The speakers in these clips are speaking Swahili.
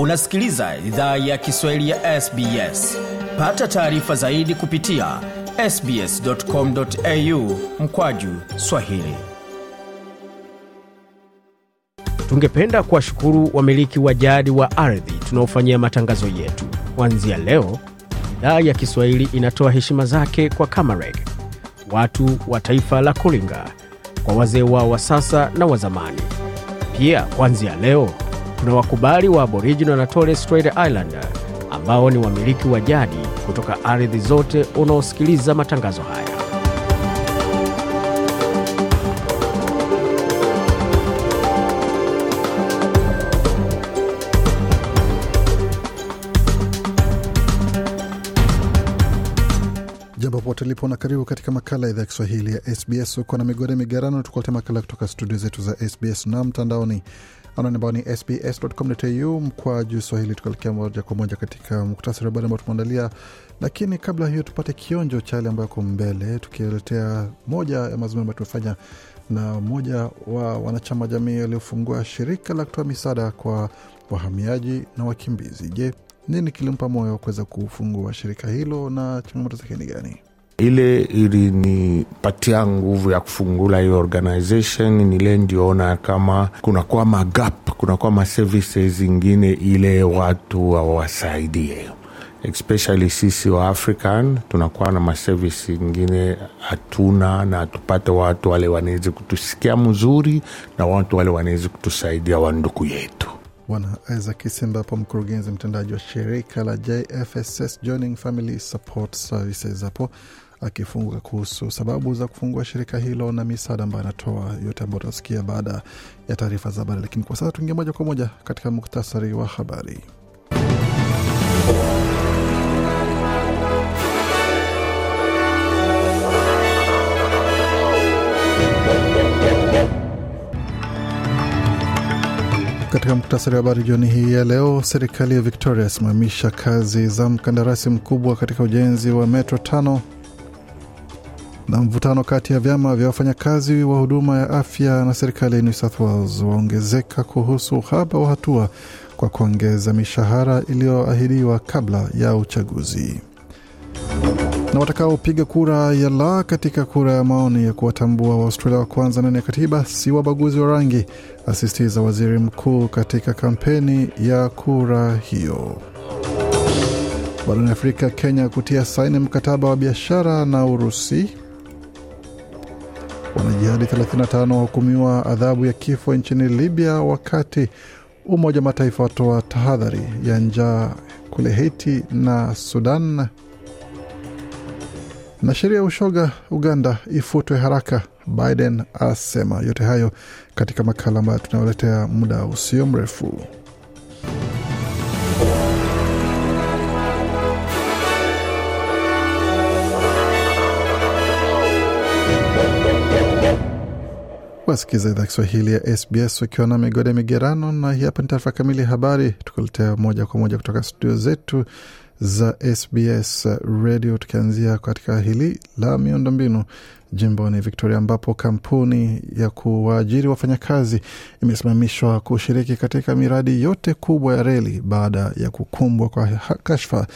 unasikiliza idhaa ya kiswahili ya sbs pata taarifa zaidi kupitia sbscomau mkwaju swahili tungependa kuwashukuru wamiliki wa jadi wa ardhi tunaofanyia matangazo yetu kwanzia leo idhaa ya kiswahili inatoa heshima zake kwa kamareg watu wa taifa la kulinga kwa wazee wao wa sasa na wazamani pia kwanzia leo kuna wakubali wa Aboriginal na Torres Strait Islander ambao ni wamiliki wa jadi kutoka ardhi zote unaosikiliza matangazo haya. Jambo ulipo na karibu katika makala ya idhaa ya Kiswahili ya SBS. Uko na migode migarano, tukulete makala kutoka studio zetu za SBS na mtandaoni anaoni ambao ni sbs.com.au mkwa juu swahili. Tukaelekea moja kwa moja katika muktasari wa habari ambao tumeandalia, lakini kabla hiyo tupate kionjo cha yale ambayo ko mbele, tukiletea moja ya mazungumzo ambayo tumefanya na mmoja wa wanachama jamii waliofungua shirika la kutoa misaada kwa wahamiaji na wakimbizi. Je, nini kilimpa moyo kuweza kufungua shirika hilo na changamoto zake ni gani? ile ilinipatia nguvu ya kufungula hiyo organization nile ndiona kama kunakuwa magap kunakuwa maservice zingine ile watu wawasaidie especially sisi wa african tunakuwa na maservice ingine hatuna na tupate watu wale wanawezi kutusikia mzuri na watu wale wanawezi kutusaidia wanduku yetu Bwana isa Isimba hapo, mkurugenzi mtendaji wa shirika la JFSS Joining Family Support Services hapo akifunguka kuhusu sababu za kufungua shirika hilo na misaada ambayo anatoa, yote ambayo tutasikia baada ya taarifa za habari. Lakini kwa sasa tuingia moja kwa moja katika muktasari wa habari. Katika muktasari wa habari jioni hii ya leo, serikali ya Victoria yasimamisha kazi za mkandarasi mkubwa katika ujenzi wa metro tano na mvutano kati ya vyama vya wafanyakazi wa huduma ya afya na serikali ya New South Wales waongezeka kuhusu uhaba wa hatua kwa kuongeza mishahara iliyoahidiwa kabla ya uchaguzi. Na watakaopiga kura ya la katika kura ya maoni ya kuwatambua Waaustralia wa kwanza ndani ya katiba si wabaguzi wa rangi, asisitiza waziri mkuu katika kampeni ya kura hiyo. Barani Afrika, Kenya kutia saini mkataba wa biashara na Urusi. Wanajihadi 35 wahukumiwa adhabu ya kifo nchini Libya, wakati Umoja wa Mataifa watoa tahadhari ya njaa kule Haiti na Sudan, na sheria ya ushoga Uganda ifutwe haraka, Biden asema. Yote hayo katika makala ambayo tunayoletea muda usio mrefu. wasikiza idhaa Kiswahili ya SBS wakiwa na migode migerano, na hii hapa ni taarifa kamili ya habari tukuletea moja kwa moja kutoka studio zetu za SBS Radio, tukianzia katika hili la miundombinu jimboni Victoria, ambapo kampuni ya kuwaajiri wafanyakazi imesimamishwa kushiriki katika miradi yote kubwa ya reli baada ya kukumbwa kwa kashfa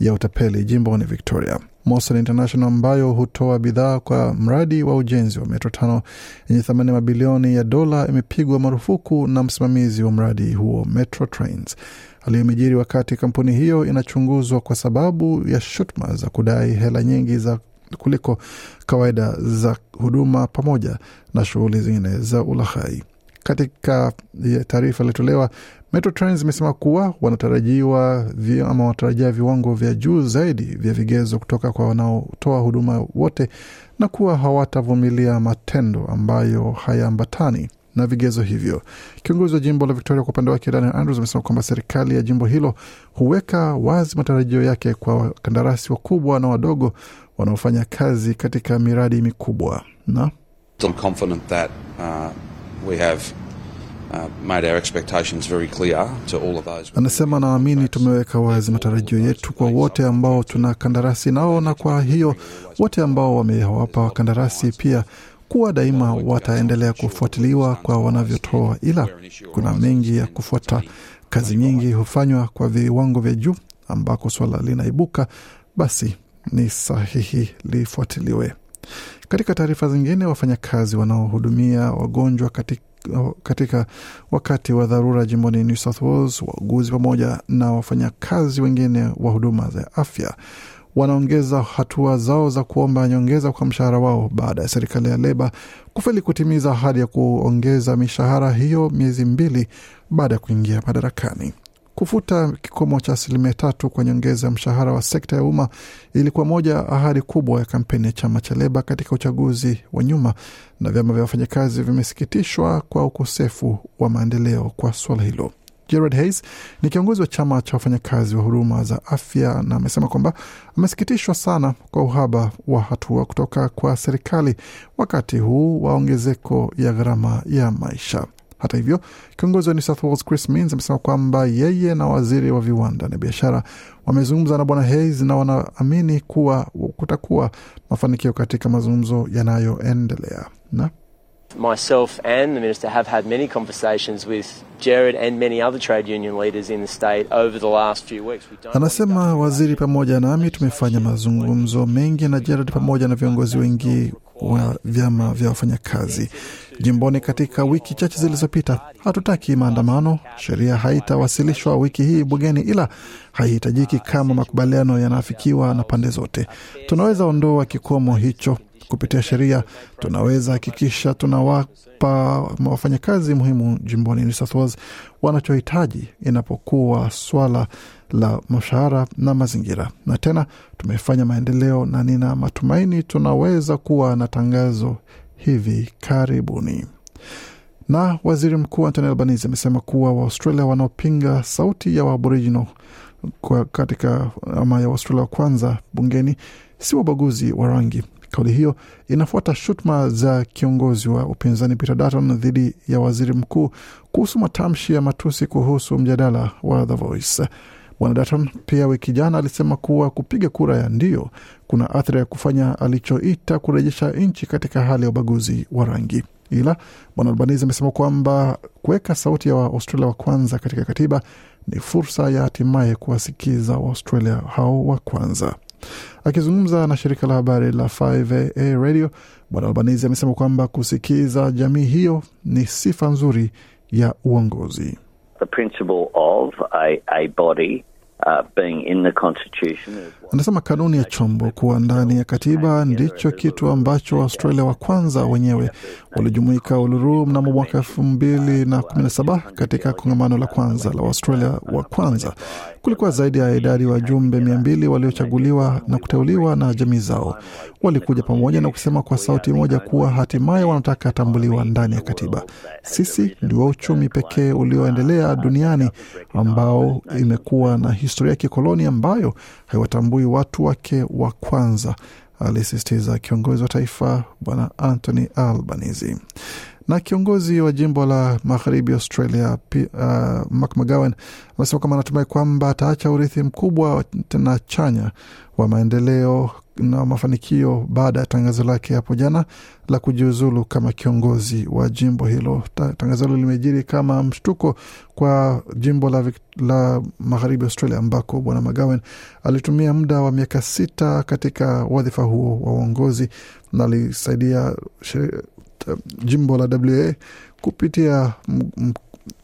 ya utapeli jimboni Victoria. Mosel International ambayo hutoa bidhaa kwa mradi wa ujenzi wa metro tano yenye thamani ya mabilioni ya dola imepigwa marufuku na msimamizi wa mradi huo Metro Trains. Aliyomejiri wakati kampuni hiyo inachunguzwa kwa sababu ya shutuma za kudai hela nyingi za kuliko kawaida za huduma pamoja na shughuli zingine za ulaghai. Katika eh, taarifa iliyotolewa, Metro Trains imesema kuwa wanatarajiwa vi, ama wanatarajia viwango vya juu zaidi vya vigezo kutoka kwa wanaotoa huduma wote na kuwa hawatavumilia matendo ambayo hayaambatani na vigezo hivyo. Kiongozi wa jimbo la Victoria kwa upande wake Daniel Andrews amesema kwamba serikali ya jimbo hilo huweka wazi matarajio yake kwa wakandarasi wakubwa na wadogo wanaofanya kazi katika miradi mikubwa na uh, uh, Anasema naamini tumeweka wazi matarajio yetu kwa wote ambao tuna kandarasi nao, na kwa hiyo wote ambao wamewapa kandarasi pia kuwa daima wataendelea kufuatiliwa kwa wanavyotoa, ila kuna mengi ya kufuata. Kazi nyingi hufanywa kwa viwango vya juu ambako swala linaibuka, basi ni sahihi lifuatiliwe. Katika taarifa zingine, wafanyakazi wanaohudumia wagonjwa katika katika wakati wa dharura jimboni New South Wales, wauguzi pamoja na wafanyakazi wengine wa huduma za afya wanaongeza hatua zao za kuomba nyongeza kwa mshahara wao baada ya serikali ya Leba kufeli kutimiza ahadi ya kuongeza mishahara hiyo miezi mbili baada ya kuingia madarakani. Kufuta kikomo cha asilimia tatu kwa nyongeza ya mshahara wa sekta ya umma ilikuwa moja ahadi kubwa ya kampeni ya chama cha Leba katika uchaguzi wa nyuma, na vyama vya wafanyakazi vimesikitishwa kwa ukosefu wa maendeleo kwa suala hilo. Jared Hayes ni kiongozi wa chama cha wafanyakazi wa huduma za afya, na amesema kwamba amesikitishwa sana kwa uhaba wa hatua kutoka kwa serikali wakati huu wa ongezeko ya gharama ya maisha. Hata hivyo, kiongozi wa New South Wales Chris Minns amesema kwamba yeye na waziri wa viwanda na biashara wamezungumza na bwana Hayes na wanaamini kuwa kutakuwa mafanikio katika mazungumzo yanayoendelea na Myself and the Minister have had many conversations with Jared and many other trade union leaders in the state over the last few weeks. Anasema waziri pamoja nami tumefanya mazungumzo mengi na Jared pamoja na viongozi wengi wa vyama vya wafanyakazi jimboni katika wiki chache zilizopita. Hatutaki maandamano. Sheria haitawasilishwa wiki hii bungeni, ila haihitajiki kama makubaliano yanaafikiwa na pande zote. Tunaweza ondoa kikomo hicho kupitia sheria tunaweza hakikisha tunawapa wafanyakazi muhimu jimboni New South Wales wanachohitaji inapokuwa swala la mshahara na mazingira. Na tena tumefanya maendeleo na nina matumaini tunaweza kuwa na tangazo hivi karibuni. Na waziri mkuu Anthony Albanese amesema kuwa Waaustralia wanaopinga sauti ya Waaboriginal katika ama ya Waustralia wa kwanza bungeni si wabaguzi wa rangi, Kauli hiyo inafuata shutuma za kiongozi wa upinzani Peter Dutton dhidi ya waziri mkuu kuhusu matamshi ya matusi kuhusu mjadala wa The Voice. Bwana Dutton pia wiki jana alisema kuwa kupiga kura ya ndio kuna athari ya kufanya alichoita kurejesha nchi katika hali ya ubaguzi wa rangi. Ila Bwana Albanese amesema kwamba kuweka sauti ya Waaustralia wa kwanza katika katiba ni fursa ya hatimaye kuwasikiza Waaustralia hao wa kwanza. Akizungumza na shirika la habari la 5AA Radio, Bwana Albanizi amesema kwamba kusikiza jamii hiyo ni sifa nzuri ya uongozi. The principle of a, a body Uh, anasema kanuni ya chombo kuwa ndani ya katiba ndicho kitu ambacho waustralia wa kwanza wenyewe walijumuika Uluru mnamo mwaka elfu mbili na kumi na saba katika kongamano la kwanza la Waustralia wa kwanza. Kulikuwa zaidi ya idadi wajumbe mia mbili waliochaguliwa na kuteuliwa na jamii zao. Walikuja pamoja na kusema kwa sauti moja kuwa hatimaye wanataka atambuliwa ndani ya katiba. Sisi ndio uchumi pekee ulioendelea duniani ambao imekuwa na historia ya kikoloni ambayo haiwatambui watu wake wa kwanza, alisisitiza kiongozi wa taifa Bwana Anthony Albanese. Na kiongozi wa jimbo la magharibi Australia uh, Mark McGowan amesema kwamba anatumai kwamba ataacha urithi mkubwa tena chanya wa maendeleo na mafanikio baada ya tangazo lake hapo jana la kujiuzulu kama kiongozi wa jimbo hilo. Tangazo hilo limejiri kama mshtuko kwa jimbo la, la magharibi Australia ambako bwana McGowan alitumia muda wa miaka sita katika wadhifa huo wa uongozi na alisaidia jimbo la WA kupitia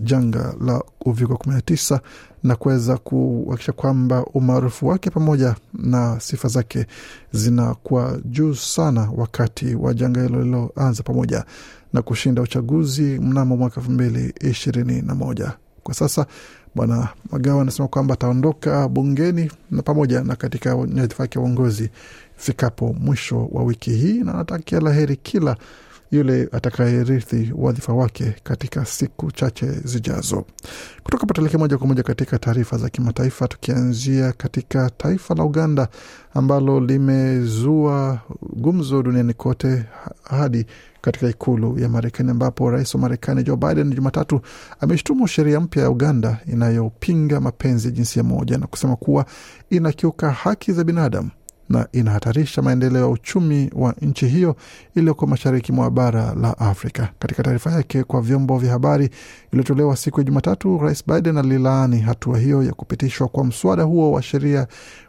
janga la uviko 19 na kuweza kuhakikisha kwamba umaarufu wake pamoja na sifa zake zinakuwa juu sana wakati wa janga hilo liloanza pamoja na kushinda uchaguzi mnamo mwaka elfu mbili ishirini na moja. Kwa sasa Bwana Magawa anasema kwamba ataondoka bungeni na pamoja na katika nyadhifa yake ya uongozi ifikapo mwisho wa wiki hii, na anatakia laheri kila yule atakayerithi wadhifa wake katika siku chache zijazo. Kutoka patalike moja kwa moja katika taarifa za kimataifa, tukianzia katika taifa la Uganda ambalo limezua gumzo duniani kote hadi katika ikulu ya Marekani ambapo rais wa Marekani Joe Biden Jumatatu ameshtumu sheria mpya ya Uganda inayopinga mapenzi ya jinsia moja na kusema kuwa inakiuka haki za binadamu na inahatarisha maendeleo ya uchumi wa nchi hiyo iliyoko mashariki mwa bara la Afrika. Katika taarifa yake kwa vyombo vya habari iliyotolewa siku ya Jumatatu, Rais Biden alilaani hatua hiyo ya kupitishwa kwa mswada huo wa sheria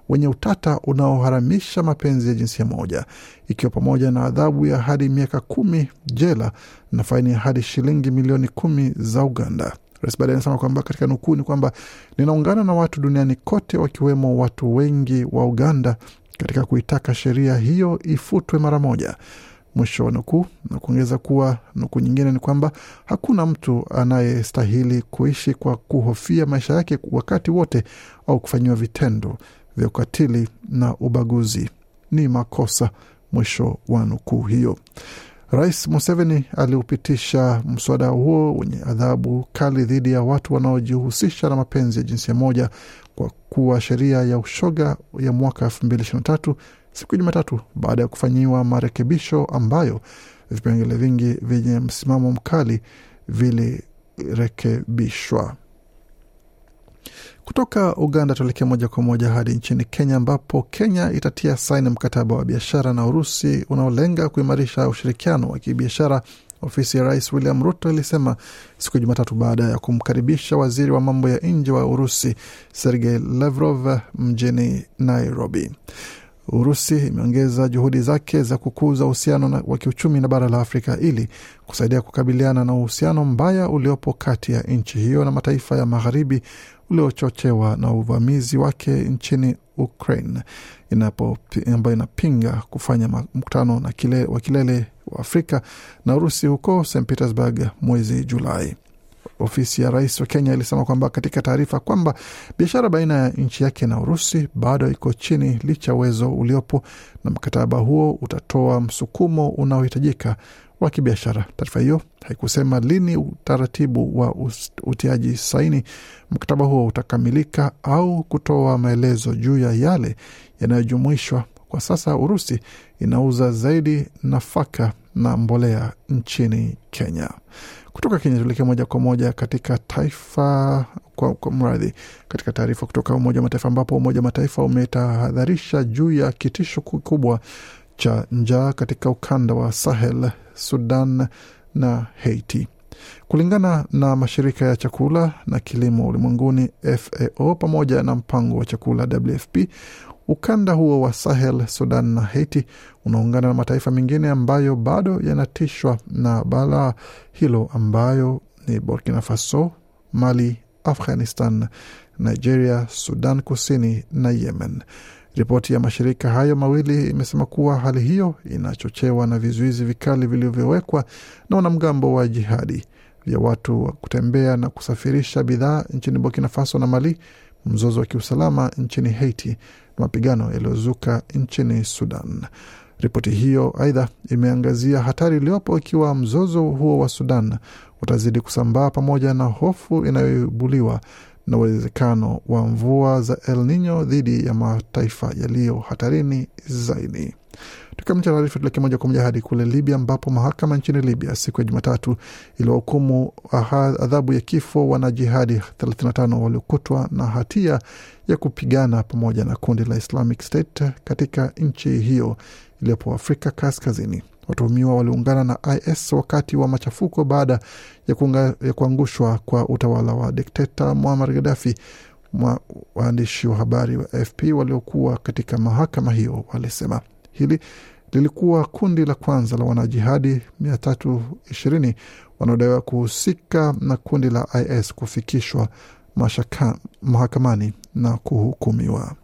wenye utata unaoharamisha mapenzi ya jinsia moja, ikiwa pamoja na adhabu ya hadi miaka kumi jela na faini ya hadi shilingi milioni kumi za Uganda. Rais Biden anasema kwamba katika nukuu ni kwamba ninaungana na watu duniani kote, wakiwemo watu wengi wa Uganda katika kuitaka sheria hiyo ifutwe mara moja mwisho wa nukuu, na kuongeza kuwa nukuu nyingine ni kwamba hakuna mtu anayestahili kuishi kwa kuhofia maisha yake wakati wote au kufanyiwa vitendo vya ukatili na ubaguzi, ni makosa, mwisho wa nukuu hiyo. Rais Museveni aliupitisha mswada huo wenye adhabu kali dhidi ya watu wanaojihusisha na mapenzi ya jinsia moja kwa kuwa sheria ya ushoga ya mwaka 2023 siku ya Jumatatu baada ya kufanyiwa marekebisho ambayo vipengele vingi vyenye msimamo mkali vilirekebishwa. Kutoka Uganda tuelekea moja kwa moja hadi nchini Kenya, ambapo Kenya itatia saini mkataba wa biashara na Urusi unaolenga kuimarisha ushirikiano wa kibiashara Ofisi ya rais William Ruto ilisema siku ya Jumatatu baada ya kumkaribisha waziri wa mambo ya nje wa Urusi Sergei Lavrov mjini Nairobi. Urusi imeongeza juhudi zake za kukuza uhusiano wa kiuchumi na bara la Afrika ili kusaidia kukabiliana na uhusiano mbaya uliopo kati ya nchi hiyo na mataifa ya magharibi uliochochewa na uvamizi wake nchini Ukraine, ambayo inapinga kufanya mkutano na kile, wa kilele Afrika na Urusi huko St Petersburg mwezi Julai. Ofisi ya rais wa Kenya ilisema kwamba katika taarifa kwamba biashara baina ya nchi yake na Urusi bado iko chini licha uwezo uliopo na mkataba huo utatoa msukumo unaohitajika wa kibiashara. Taarifa hiyo haikusema lini utaratibu wa utiaji saini mkataba huo utakamilika au kutoa maelezo juu ya yale yanayojumuishwa kwa sasa Urusi inauza zaidi nafaka na mbolea nchini Kenya. Kutoka Kenya tuelekee moja kwa moja katika taifa kwa, kwa mradhi katika taarifa kutoka Umoja wa Mataifa ambapo Umoja wa Mataifa umetahadharisha juu ya kitisho kikubwa cha njaa katika ukanda wa Sahel, Sudan na Haiti. Kulingana na mashirika ya chakula na kilimo ulimwenguni FAO pamoja na mpango wa chakula WFP, Ukanda huo wa Sahel, Sudan na Haiti unaungana na mataifa mengine ambayo bado yanatishwa na balaa hilo ambayo ni Burkina Faso, Mali, Afghanistan, Nigeria, Sudan Kusini na Yemen. Ripoti ya mashirika hayo mawili imesema kuwa hali hiyo inachochewa na vizuizi vikali vilivyowekwa na wanamgambo wa jihadi vya watu wa kutembea na kusafirisha bidhaa nchini Burkina Faso na Mali, mzozo wa kiusalama nchini Haiti mapigano yaliyozuka nchini Sudan. Ripoti hiyo aidha imeangazia hatari iliyopo ikiwa mzozo huo wa Sudan utazidi kusambaa pamoja na hofu inayoibuliwa na uwezekano wa mvua za El Nino dhidi ya mataifa yaliyo hatarini zaidi. Kama cha tuleke moja kwa moja hadi kule Libya, ambapo mahakama nchini Libya siku ya Jumatatu iliwahukumu adhabu ya kifo wanajihadi 35 waliokutwa na hatia ya kupigana pamoja na kundi la Islamic State katika nchi hiyo iliyopo Afrika Kaskazini. Watuhumiwa waliungana na IS wakati wa machafuko baada ya, kunga, ya kuangushwa kwa utawala wa dikteta Muammar Gaddafi. Waandishi wa habari wa AFP waliokuwa katika mahakama hiyo walisema hili lilikuwa kundi la kwanza la wanajihadi 320 wanaodaiwa kuhusika na kundi la IS kufikishwa mahakamani na kuhukumiwa.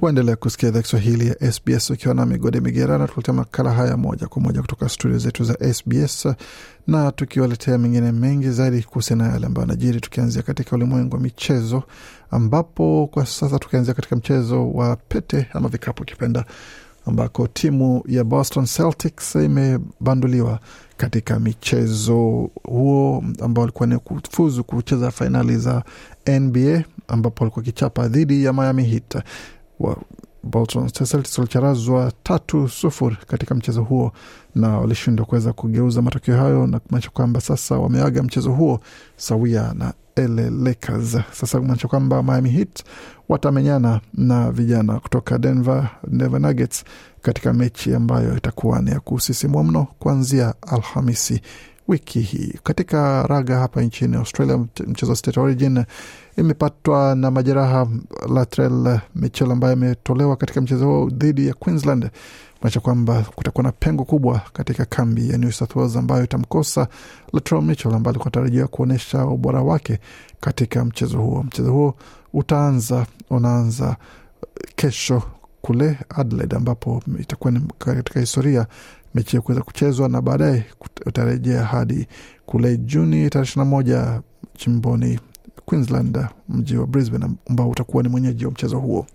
Waendelea kusikia idhaa Kiswahili ya SBS ukiwa na migode migerana, tuletea makala haya moja kwa moja kutoka studio zetu za SBS na tukiwaletea mengine mengi zaidi kuhusiana na yale ambayo anajiri, tukianzia katika ulimwengu wa michezo, ambapo kwa sasa tukianzia katika mchezo wa pete ama vikapu ukipenda, ambako timu ya Boston Celtics imebanduliwa katika michezo huo ambao walikuwa ni kufuzu kucheza fainali za NBA ambapo walikuwa kichapa dhidi ya Miami Heat wa Bolton Celtics walicharazwa tatu sufuri katika mchezo huo na walishindwa kuweza kugeuza matokeo hayo na kumaanisha kwamba sasa wameaga mchezo huo sawia na LA Lakers. Sasa kumaanisha kwamba Miami Heat watamenyana na vijana kutoka Denver, Denver Nuggets katika mechi ambayo itakuwa ni ya kusisimua mno kuanzia Alhamisi wiki hii. Katika raga hapa nchini Australia, mchezo State Origin imepatwa na majeraha latrel michel ambaye ametolewa katika mchezo huo dhidi ya Queensland, kumaanisha kwamba kutakuwa na pengo kubwa katika kambi ya New South Wales ambayo itamkosa latrel michel ambaye alikuwa tarajiwa kuonyesha ubora wake katika mchezo huo. Mchezo huo utaanza unaanza eh, kesho kule Adelaide ambapo itakuwa katika historia mechi ya kuweza kuchezwa na baadaye utarejea hadi kule Juni tarehe ishirini na moja chimboni Queensland, mji wa Brisbane ambao utakuwa ni mwenyeji wa mchezo huo.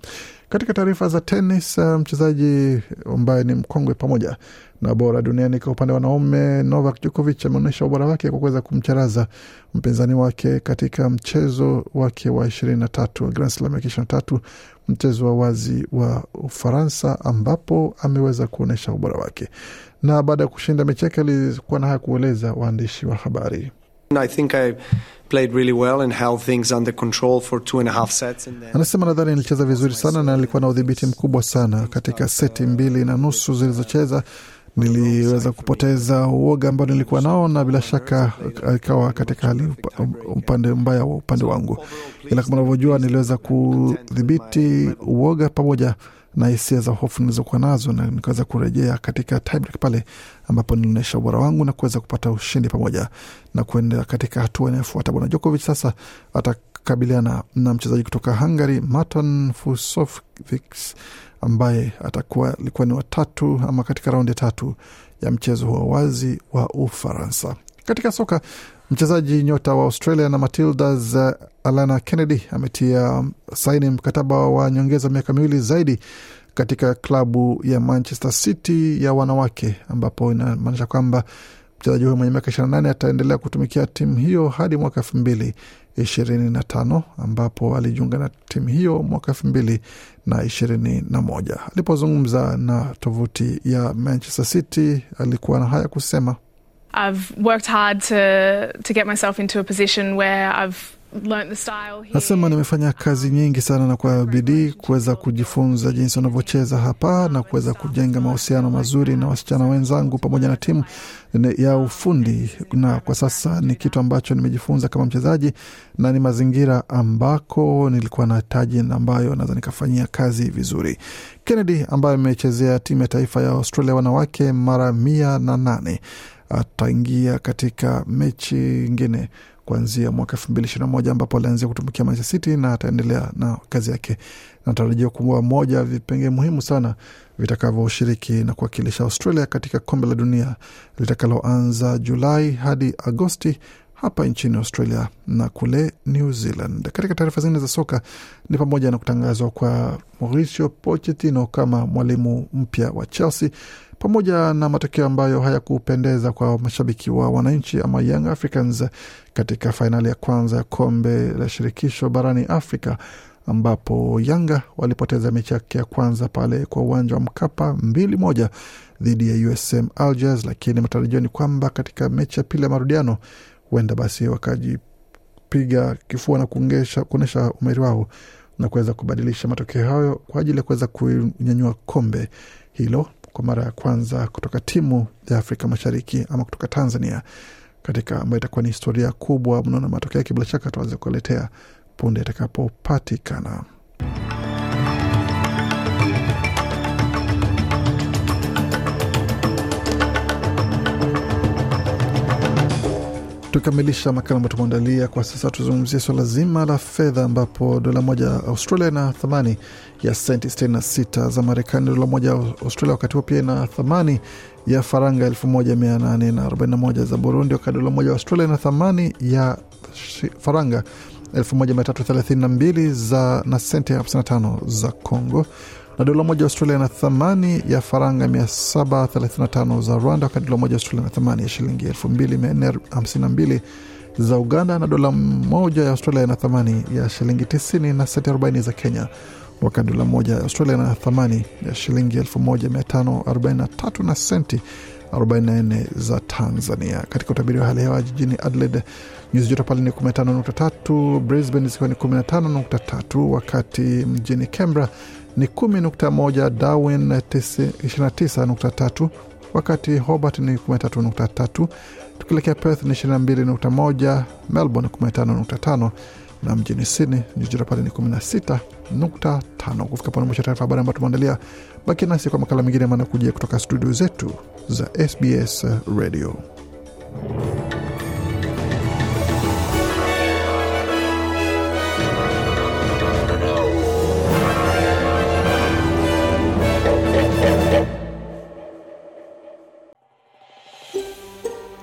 Katika taarifa za tenis, eh, mchezaji ambaye ni mkongwe pamoja na bora duniani kwa upande wa wanaume, Novak Djokovic ameonyesha ubora wake kwa kuweza kumcharaza mpinzani wake katika mchezo wake wa ishirini na tatu Grand Slam ya ishirini na tatu mchezo wa wazi wa Ufaransa, ambapo ameweza kuonyesha ubora wake, na baada ya kushinda mechi yake alikuwa na haya kueleza waandishi wa habari. I think I Anasema nadhani nilicheza vizuri sana na nilikuwa na udhibiti mkubwa sana katika seti mbili na nusu zilizocheza. Niliweza kupoteza uoga ambao nilikuwa nao, na bila shaka ikawa katika hali upande mbaya wa upande wangu, ila kama unavyojua, niliweza kudhibiti uoga pamoja na hisia za hofu nilizokuwa nazo, na nikaweza kurejea katika tie pale ambapo nilionyesha ubora wangu na kuweza kupata ushindi pamoja na kuenda katika hatua inayofuata. Bwana jokovic sasa atakabiliana na mchezaji kutoka Hungary Marton Fucsovics ambaye atakuwa alikuwa ni watatu ama katika raundi tatu ya mchezo wa wazi wa Ufaransa. Katika soka Mchezaji nyota wa Australia na Matildas Alana Kennedy ametia saini mkataba wa nyongeza miaka miwili zaidi katika klabu ya Manchester City ya wanawake, ambapo inamaanisha kwamba mchezaji huyo mwenye miaka nane ataendelea kutumikia timu hiyo hadi mwaka elfu mbili ishirini na tano ambapo alijiunga na timu hiyo mwaka elfu mbili na ishirini na moja. Alipozungumza na tovuti ya Manchester City alikuwa na haya kusema. Nasema nimefanya kazi nyingi sana na kwa bidii kuweza kujifunza jinsi wanavyocheza hapa na kuweza kujenga mahusiano mazuri na wasichana wenzangu pamoja na timu ya ufundi, na kwa sasa ni kitu ambacho nimejifunza kama mchezaji, na ni mazingira ambako nilikuwa na taji ambayo naweza nikafanyia kazi vizuri. Kennedy ambaye amechezea timu ya taifa ya Australia wanawake mara mia na nane ataingia katika mechi ingine kuanzia mwaka elfu mbili ishirini na moja ambapo alianzia kutumikia Manchester City na ataendelea na kazi yake. Natarajia kuwa moja ya vipengee muhimu sana vitakavyoshiriki na kuwakilisha Australia katika kombe la dunia litakaloanza Julai hadi Agosti hapa nchini Australia na kule New Zealand. Katika taarifa zingine za soka ni pamoja na kutangazwa kwa Mauricio Pochettino kama mwalimu mpya wa Chelsea pamoja na matokeo ambayo hayakupendeza kwa mashabiki wa wananchi ama Young Africans katika fainali ya kwanza ya kombe la shirikisho barani Afrika ambapo Yanga walipoteza mechi yake ya kwanza pale kwa uwanja wa Mkapa mbili moja dhidi ya USM Algiers, lakini matarajio ni kwamba katika mechi ya pili ya marudiano huenda basi wakajipiga kifua na kuonyesha umeri wao na kuweza kubadilisha matokeo hayo kwa ajili ya kuweza kunyanyua kombe hilo kwa mara ya kwanza kutoka timu ya Afrika Mashariki ama kutoka Tanzania katika ambayo itakuwa ni historia kubwa mnaona matokeo yake bila shaka tuaweze kuletea punde itakapopatikana. Tukamilisha makala ambayo tumeandalia kwa sasa, tuzungumzie swala zima la fedha, ambapo dola moja Australia ina thamani ya senti 66 za Marekani. Dola moja Australia wakati huo pia ina thamani ya faranga 1841 za Burundi, wakati dola moja Australia ina thamani ya faranga 1332 za na senti 55 za Congo na dola moja Australia na thamani ya faranga 735 za Rwanda, wakati dola moja Australia na thamani ya shilingi 2452 za Uganda, na dola moja ya Australia na thamani ya shilingi 90 na senti 40 za Kenya, wakati dola moja ya Australia na thamani ya shilingi 1543 na senti 44 za Tanzania. Katika utabiri wa hali ya hewa jijini Adelaide, nyuzi joto pale ni 15.3, Brisbane zikiwa ni 15.3, wakati mjini Canberra ni 10.1, Darwin 29.3, wakati Hobart ni 13.3, tukielekea Perth ni 22.1, Melbourne 15.5 na mjini Sydney nyuzi joto pale ni 16.5. Kufika pone mwisho taarifa habari ambayo tumeandalia, baki nasi kwa makala mengine manakujia kutoka studio zetu za SBS Radio.